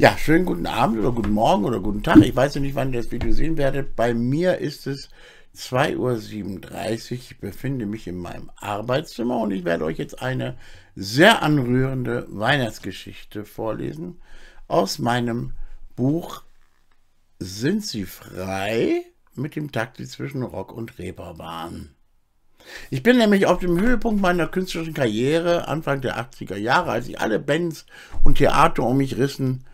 Ja, schönen guten Abend oder guten Morgen oder guten Tag. Ich weiß nicht, wann ihr das Video sehen werdet. Bei mir ist es 2.37 Uhr. Ich befinde mich in meinem Arbeitszimmer und ich werde euch jetzt eine sehr anrührende Weihnachtsgeschichte vorlesen aus meinem Buch Sind Sie frei? mit dem Takt, zwischen Rock und Reeper Ich bin nämlich auf dem Höhepunkt meiner künstlerischen Karriere, Anfang der 80er Jahre, als ich alle Bands und Theater um mich rissen,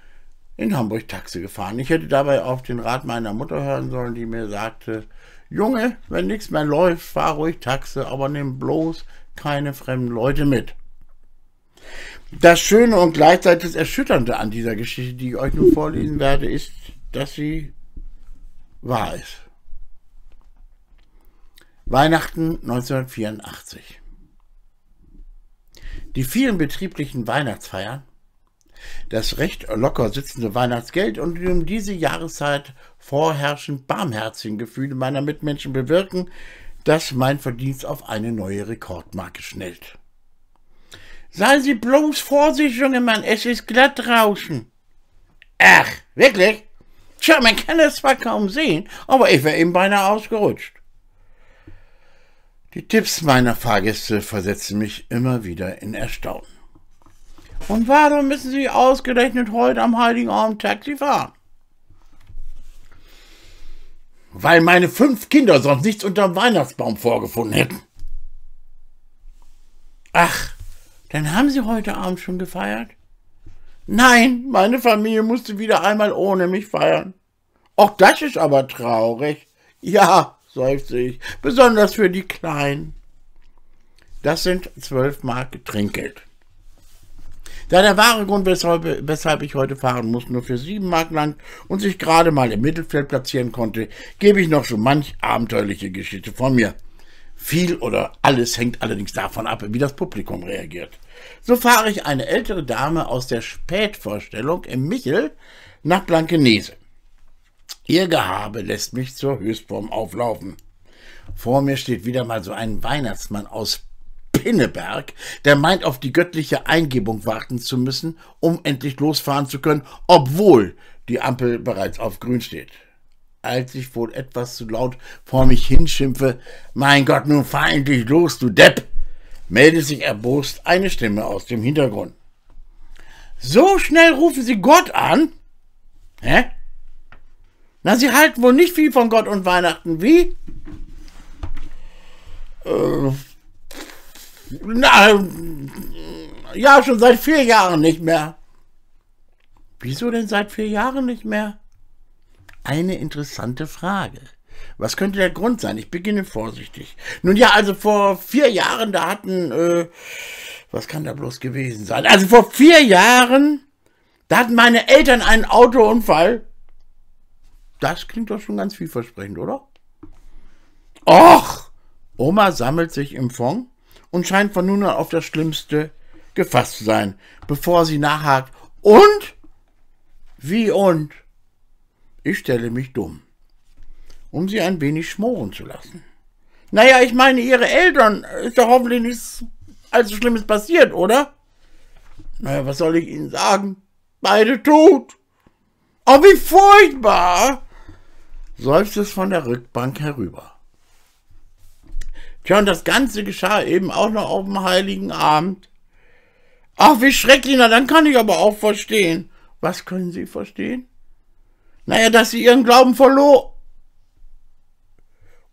in Hamburg Taxi gefahren. Ich hätte dabei auf den Rat meiner Mutter hören sollen, die mir sagte, Junge, wenn nichts mehr läuft, fahr ruhig Taxi, aber nimm bloß keine fremden Leute mit. Das Schöne und gleichzeitig das Erschütternde an dieser Geschichte, die ich euch nun vorlesen werde, ist, dass sie wahr ist. Weihnachten 1984. Die vielen betrieblichen Weihnachtsfeiern das recht locker sitzende Weihnachtsgeld und um diese Jahreszeit vorherrschend barmherzigen Gefühle meiner Mitmenschen bewirken, dass mein Verdienst auf eine neue Rekordmarke schnellt. Seien Sie bloß vorsichtig, junge Mann, es ist glatt draußen. Ach, wirklich? Tja, man kann es zwar kaum sehen, aber ich wäre eben beinahe ausgerutscht. Die Tipps meiner Fahrgäste versetzen mich immer wieder in Erstaunen. Und warum müssen Sie ausgerechnet heute am Heiligen Abend Taxi fahren? Weil meine fünf Kinder sonst nichts unterm Weihnachtsbaum vorgefunden hätten. Ach, dann haben Sie heute Abend schon gefeiert? Nein, meine Familie musste wieder einmal ohne mich feiern. Auch das ist aber traurig. Ja, seufzte ich, besonders für die Kleinen. Das sind zwölf Mark Trinkgeld. Da der wahre Grund, weshalb, weshalb ich heute fahren muss, nur für sieben Mark lang und sich gerade mal im Mittelfeld platzieren konnte, gebe ich noch so manch abenteuerliche Geschichte von mir. Viel oder alles hängt allerdings davon ab, wie das Publikum reagiert. So fahre ich eine ältere Dame aus der Spätvorstellung im Michel nach Blankenese. Ihr Gehabe lässt mich zur Höchstform auflaufen. Vor mir steht wieder mal so ein Weihnachtsmann aus Pinneberg, der meint, auf die göttliche Eingebung warten zu müssen, um endlich losfahren zu können, obwohl die Ampel bereits auf grün steht. Als ich wohl etwas zu laut vor mich hinschimpfe, mein Gott, nun fahr endlich los, du Depp, meldet sich erbost eine Stimme aus dem Hintergrund. So schnell rufen Sie Gott an? Hä? Na, Sie halten wohl nicht viel von Gott und Weihnachten, wie? Äh, na, ja, schon seit vier Jahren nicht mehr. Wieso denn seit vier Jahren nicht mehr? Eine interessante Frage. Was könnte der Grund sein? Ich beginne vorsichtig. Nun ja, also vor vier Jahren, da hatten, äh, was kann da bloß gewesen sein? Also vor vier Jahren, da hatten meine Eltern einen Autounfall. Das klingt doch schon ganz vielversprechend, oder? Och! Oma sammelt sich im Fond und scheint von nun an auf das Schlimmste gefasst zu sein, bevor sie nachhakt. Und? Wie und? Ich stelle mich dumm, um sie ein wenig schmoren zu lassen. Naja, ich meine, ihre Eltern äh, ist doch hoffentlich nichts allzu Schlimmes passiert, oder? Naja, was soll ich ihnen sagen? Beide tot. Oh, wie furchtbar! seufzt es von der Rückbank herüber. Tja, und das Ganze geschah eben auch noch auf dem Heiligen Abend. Ach, wie schrecklich, na, dann kann ich aber auch verstehen. Was können Sie verstehen? Naja, dass Sie Ihren Glauben verlor.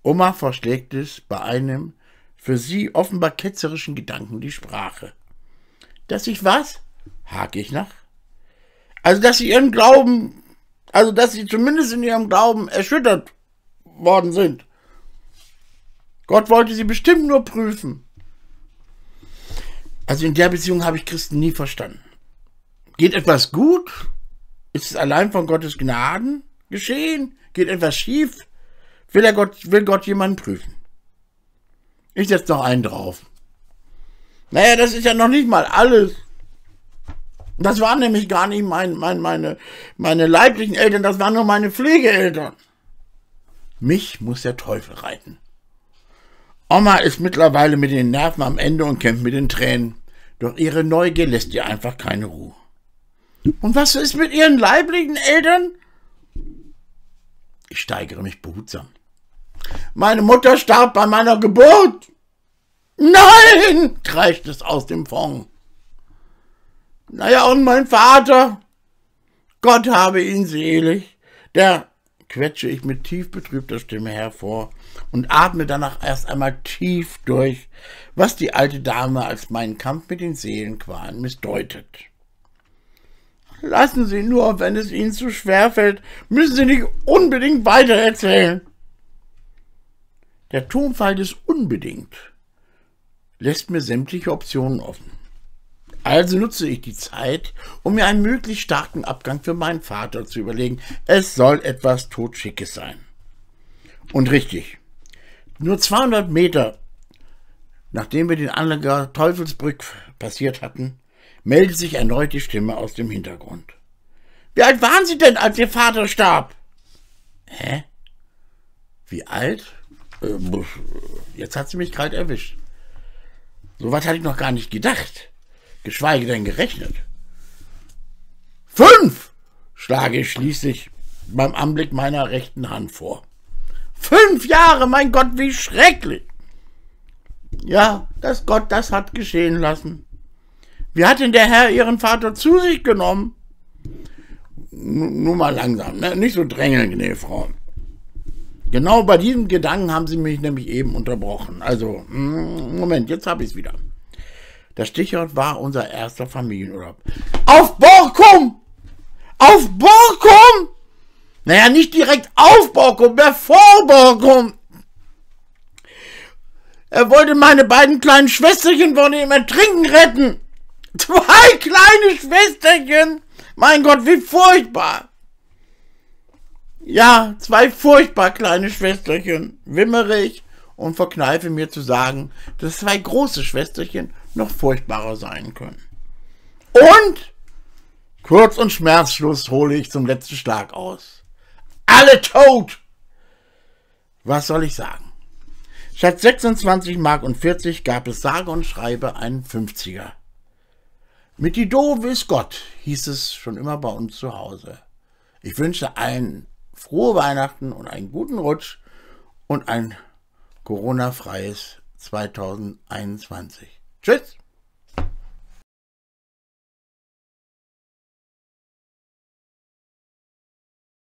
Oma verschlägt es bei einem für sie offenbar ketzerischen Gedanken die Sprache. Dass ich was? Hake ich nach. Also, dass Sie Ihren Glauben, also, dass Sie zumindest in Ihrem Glauben erschüttert worden sind. Gott wollte sie bestimmt nur prüfen. Also in der Beziehung habe ich Christen nie verstanden. Geht etwas gut? Ist es allein von Gottes Gnaden geschehen? Geht etwas schief? Will, er Gott, will Gott jemanden prüfen? Ich setze noch einen drauf. Naja, das ist ja noch nicht mal alles. Das waren nämlich gar nicht mein, mein, meine, meine leiblichen Eltern, das waren nur meine Pflegeeltern. Mich muss der Teufel reiten. Oma ist mittlerweile mit den Nerven am Ende und kämpft mit den Tränen. Doch ihre Neugier lässt ihr einfach keine Ruhe. Und was ist mit ihren leiblichen Eltern? Ich steigere mich behutsam. Meine Mutter starb bei meiner Geburt. Nein, kreischt es aus dem Fond. Naja, und mein Vater, Gott habe ihn selig, der quetsche ich mit tief betrübter Stimme hervor und atme danach erst einmal tief durch, was die alte Dame als meinen Kampf mit den Seelenqualen missdeutet. Lassen Sie nur, wenn es Ihnen zu schwer fällt, müssen Sie nicht unbedingt weitererzählen. Der Tonfall des unbedingt lässt mir sämtliche Optionen offen. Also nutze ich die Zeit, um mir einen möglichst starken Abgang für meinen Vater zu überlegen. Es soll etwas Totschickes sein. Und richtig, nur 200 Meter, nachdem wir den Anleger Teufelsbrück passiert hatten, meldet sich erneut die Stimme aus dem Hintergrund. Wie alt waren Sie denn, als Ihr Vater starb? Hä? Wie alt? Äh, jetzt hat sie mich kalt erwischt. So was hatte ich noch gar nicht gedacht geschweige denn gerechnet. Fünf, schlage ich schließlich beim Anblick meiner rechten Hand vor. Fünf Jahre, mein Gott, wie schrecklich! Ja, dass Gott das hat geschehen lassen. Wie hat denn der Herr ihren Vater zu sich genommen? N nur mal langsam, ne? nicht so drängeln, nee, Frau. Genau bei diesem Gedanken haben sie mich nämlich eben unterbrochen. Also, mm, Moment, jetzt habe ich es wieder. Das Stichwort war unser erster Familienurlaub. Auf Borkum! Auf Borkum! Naja, nicht direkt auf Borkum, mehr vor Borkum. Er wollte meine beiden kleinen Schwesterchen von dem Ertrinken retten. Zwei kleine Schwesterchen! Mein Gott, wie furchtbar! Ja, zwei furchtbar kleine Schwesterchen, wimmere ich und verkneife mir zu sagen, dass zwei große Schwesterchen noch furchtbarer sein können. Und kurz und schmerzlos hole ich zum letzten Schlag aus. Alle tot! Was soll ich sagen? Statt 26 Mark und 40 gab es sage und schreibe einen 50er. Mit die Dove ist Gott, hieß es schon immer bei uns zu Hause. Ich wünsche allen frohe Weihnachten und einen guten Rutsch und ein Corona-freies 2021. Tschüss!